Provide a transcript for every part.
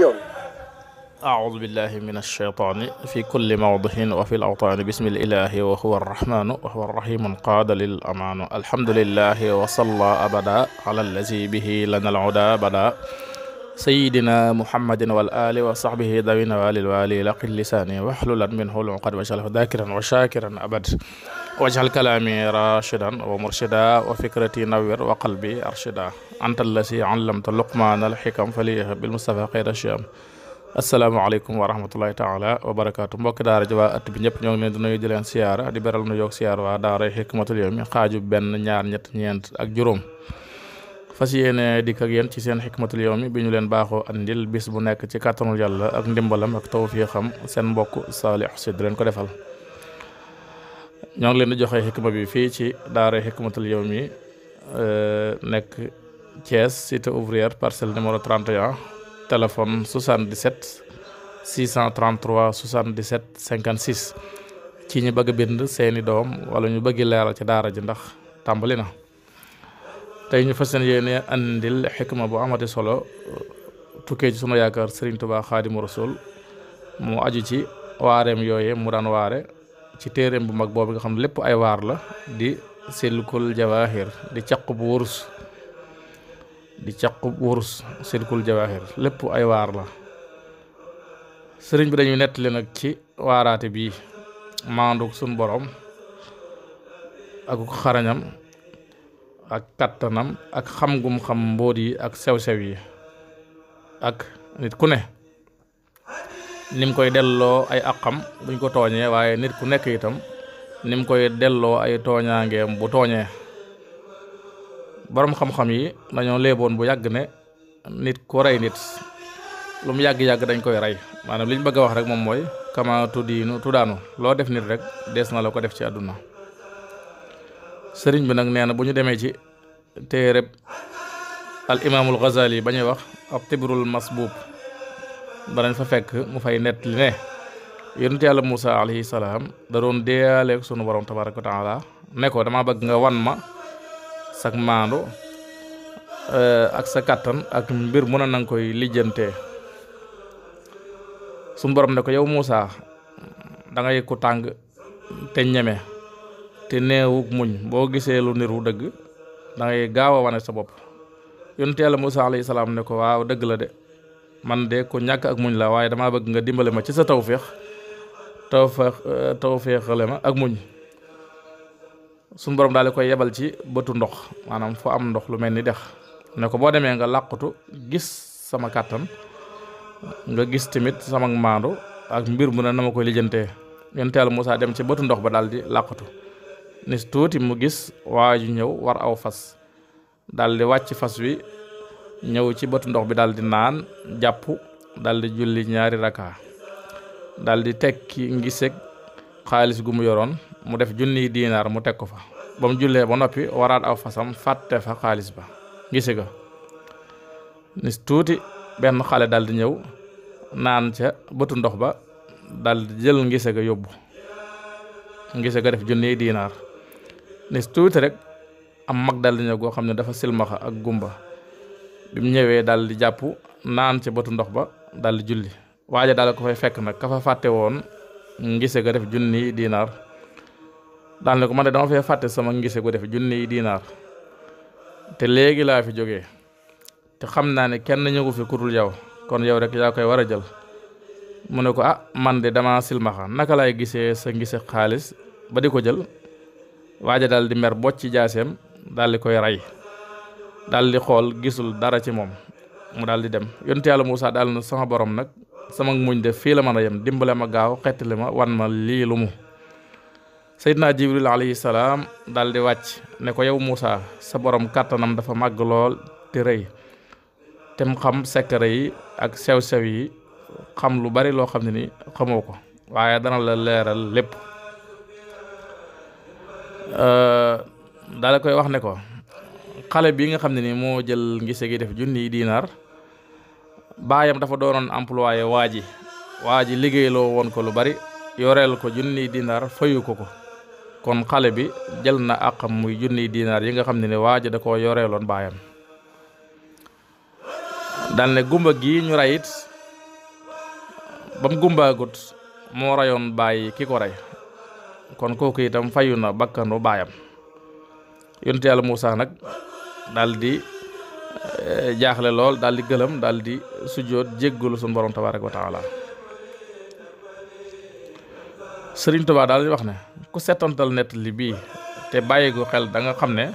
yoon aaudu billahi min alcheytaani fi kulli mawdihin wa fi lawtaani bismi lilahi wa huwa arrahmanu wa huwa arrahimu qaada lil amaanu alhamdulilahi wa salla abada ala allazi bihi lana alhuda bada sayidina muhammadin wal ali wa sahbihi dawina walil wali laqi lisaani waxlulan minhu luqad wa shalaf dakiran wa shakiran abad wajhal kalaami rashidan wa murshida wa fikrati nawwir wa qalbi arshida anta allasi allamta luqmaana alxikam faliha bil mustafa xayra shiyam asalaamaaleykum wa rahmatullahi taala wa barakaatu mbokki daara ji waa ëtt bi ñëpp ñoo ngi leen di nuyu di leen siyaara di beral nu yoog siyaar waa daara xikmatul yawmi xaaju benn ñaar ñett ñeent ak juróom fas yéene dikk ak yéen ci seen xikmatul yawmi bi ñu leen baaxoo andil bis bu nekk ci kàttanul yàlla ak ndimbalam ak tawfiixam seen mbokk saalix si leen ko defal ñoo ngi leen di joxe xikma bi fii ci daara xikmatul mi euh, nekk Thiès cité ouvrière parcelle numéro 31 téléphone 77 633 77 56 ci ñu bëgg a bind seeni doom wala ñu bëgg leeral ci daara ji ndax tàmbali na tey ñu fas yéene andil xikma bu amati solo tukkee ci sunu yaakaar Serigne Touba Xaadimu Rasul mu aju ci waareem yooye mu daan waare ci téereem bu mag boobu nga xam ne lépp ay waar la di silkul jawahir di caqub wurus di caqub wurus silkul jawahir lépp ay waar la sëriñ bi dañuy nettali nag ci waaraate bii maanduk suñ boroom ak xarañam ak kattanam ak xam gum xam mbóot yi ak sew-sew yi ak nit ku ne ni koy delloo ay àqam buñ ko tooñee waaye nit ku nekk itam ni mu koy delloo ay tooñaangeem bu tooñee boroom xam-xam yi dañoo léeboon bu yàgg ne nit ku rey nit lu mu yàgg-yàgg dañ koy rey maanaam liñ bëgg a wax rek moom mooy kama tuddiinu daanu loo def nit rek dees na la ko def ci àdduna sëriñ bi nag nee na bu ñu demee ci téereb al imaamul Ghazali ba ñuy wax ab mas masbuub danañ fa fekk mu fay nett li ne yonent yàlla Moussa alayhi salaam da doon deeyaale ak sunu borom tabaaraka ne ko damaa bëgg nga wan ma sak maandu euh, ak sa kàttan ak mbir mu ne na koy lijjantee sunu borom ne ko yow Moussa da ngay ko tàng te ñeme te neewug muñ boo gisee lu niru dëgg da ngay gaaw a wane sa bopp yonent yàlla Moussa alayhi salaam ne ko waaw dëgg la de. man de ko ñàkk ak muñ la waaye damaa bëgg nga dimbale ma ci sa tawféex tawféex euh, tawféexale ma ak muñ suñu borom daal di koy yebal ci bëtu ndox maanaam foo am ndox lu mel ni dex ne ko boo demee nga làqutu gis sama kàttan nga gis tamit sama maandu ak mbir mu ne na ma koy lijjantee yonent Yàlla Muusaa dem ci bëtu ndox ba daal di làqutu nis tuuti mu gis waa ju ñëw war aw fas daal di fas wi ñëw ci bëtu ndox bi daal di naan jàpp daal di julli ñaari raka daal di tekki ngiseg xaalis gu mu yoroon mu def junniy diinaar mu teg ko fa ba mu jullee ba noppi waraat aw fasam fàtte fa xaalis ba ngise ga nis tuuti benn xale daldi ñëw naan ca bëtu ndox ba daldi jël ngise ga yóbbu ngise def junniy diinaar nis tuuti rek am mag daal ñëw goo xam ne dafa silmaxa ak gumba bi ñëwee daal di jàpp naan ci botu ndox ba daal julli waaja daal ko fay fekk nag ka fa fàtte woon ngise ga def junni diinaar daal ne ko man de dama fee fàtte sama ngise gu def junni diinaar te léegi laa fi jógee te xam naa ne kenn ñëwu fi kudul yow kon yow rek yaa koy war a jël mu ne ko ah man de dama silmaxa naka laay gisee sa ngise xaalis ba di ko jël waaja daal di mer bocc jaaseem daal koy rey daal di xool gisul dara ci moom mu daal di dem yonent yàlla Moussa daal na sama borom nag sama muñ def fii la mën a yem dimbale ma gaaw xettali ma wan ma lii lu mu Seydina Jibril alayhi salaam dal di wàcc ne ko yow Moussa sa borom kàttanam dafa màgg lool te rëy te xam secret yi ak sew-sew yi xam lu bari loo xam ne ni xamoo ko waaye dana la leeral lépp daal koy wax ne ko xale bi nga xam ne ni moo jël ngi gi def junniy diinaar baayam dafa doonoon employé waa ji waa ji liggéeyloo woon ko lu bari yoreel ko junniy diinaar fayu ko ko kon xale bi jël na àqam muy junniy diinaar yi nga xam ne ni waa ji da koo yoreeloon baayam dal ne gumba gi ñu rayit it ba mu gumbaagut moo rayoon bàyyi ki ko ray kon kooku itam fayu na bakkanu baayam yonte Muusaa nag daal di eh, jaaxle lool daal di gëlëm dal di sujjoot jéggalu suñu borom tabaaraka wa taala sëriñ Tuubaa daal di wax ne ku setantal nettali bii te bàyyi ko xel da nga xam ne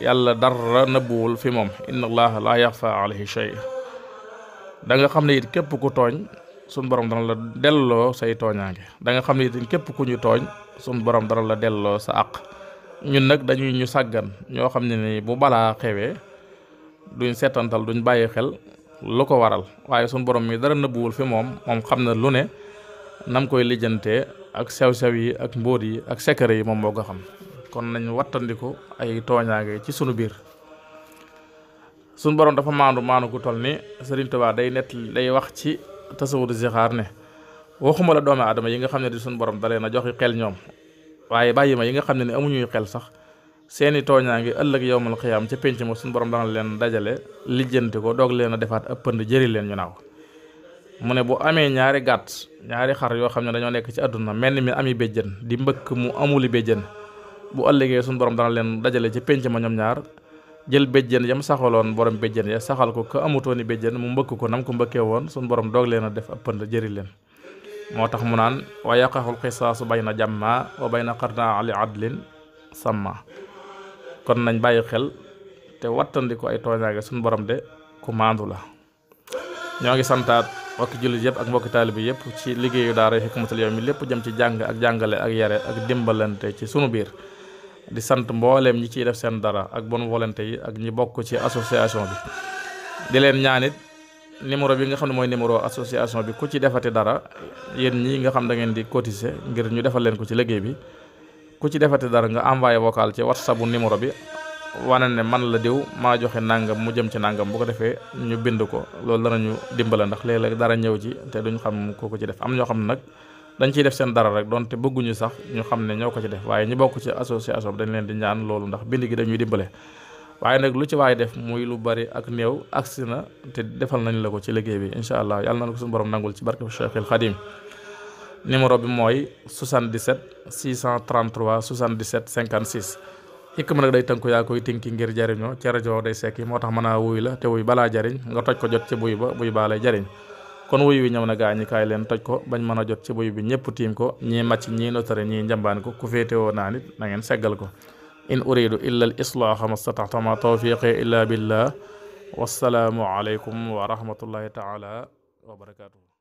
yàlla dara nëbbuwul fi moom inna allaha laa yaxfa alayhi shay da xam ne it képp ku tooñ sun borom dana la delloo say tooñaange da nga xam ne it képp ku ñu tooñ sun borom dana la delloo sa àq ñun nag dañuy ñu sàggan ñoo xam ne ni bu balaa xewee duñ seetantal duñ bàyyi xel lu ko waral waaye suñ borom mi dara nëbbuwul fi moom moom xam na lu ne nam koy lijjante ak sew-sew yi ak mbóot yi ak secret yi moom boo ko xam kon nañ wattandiku ay tooñaange ci sunu biir sunu borom dafa maandu maandu gu toll ni Sëriñ Tuubaa day nett day wax ci tasawudu zixaar ne waxuma la doomu aadama yi nga xam ne di suñ borom dalee na joxi xel ñoom waaye bàyyi ma yi nga xam ne ne amuñuy xel sax seeni tooñaa ngi ëllëg yowmal xiyaam ca pénc ma suñu borom dana leen dajale lijjanti ko doog leen a defaat ab pënd jëri leen ñu naaw mu ne bu amee ñaari gàtt ñaari xar yoo xam ne dañoo nekk ci àdduna mel ni mi ami béjjën di mbëkk mu amul amuli béjjën bu ëllëgee suñu borom dana leen dajale ca pénc ma ñoom ñaar jël béjjën yam saxaloon borom béjjën ya saxal ko ka amutooni béjjën mu mbëkk ko nam ko mbëkkee woon suñu borom doog leen def ab pënd jëri leen moo tax mu naan wa yaqaxul xisaasu bayna jamma wa bayna qarna ali adlin samma kon nañ bàyyi xel te wattandiko ay tooñaage suñu borom de ku maandu la ñoo ngi santaat mbokki jullit yëpp ak mbokki taalibi yëpp ci liggéeyu daara Hikmatul mi lépp jëm ci jàng ak jàngale ak yare ak dimbalante ci sunu biir di sant mbooleem ñi ciy def seen dara ak bon volonté yi ak ñi bokk ci association bi di leen ñaanit numéro bi nga xam ne mooy numéro association bi ku ci defati dara yéen ñii nga xam da ngeen di cotiser ngir ñu defal leen ko ci liggéey bi ku ci defati dara nga envoyé vocal ci whatsapp bu numéro bi wane ne man la diw maa joxe nangam mu jëm ci nangam bu ko defee ñu bind ko loolu danañu dimbala ndax léeg-léeg dara ñëw ci te duñ xam koo ko ci def am ñoo xam ne nag dañ ciy def seen dara rek donte bëgguñu sax ñu xam ne ñoo ko ci def waaye ñu bokk ci association bi dañ leen di loolu ndax bind gi dañuy dimbale waaye nag lu ci waaye def muy lu bari ak néew agsi na te defal nañ la ko ci liggéey bi incha allah yàlla na ko suñu borom nangul ci barke Cheikh El Khadim numéro bi mooy 77 633 77 56. hikma nag day tënku yaa koy tinki ngir jariñoo ci rajo day sekki moo tax mën a wuy la te wuy balaa jariñ nga toj ko jot ci buy ba buy baa lay jariñ kon wuy wi ñëw na gaa leen toj ko bañ mën a jot ci buy bi ñëpp tiim ko ñii màcc ñii notari ñii njambaan ko ku féetewoo naa nit na ngeen ko in uridu illa al islaaha mastataxta ma tawfiqi illa billah wassalaamu aleykum wa rahmatullahi taala wa barakatuhu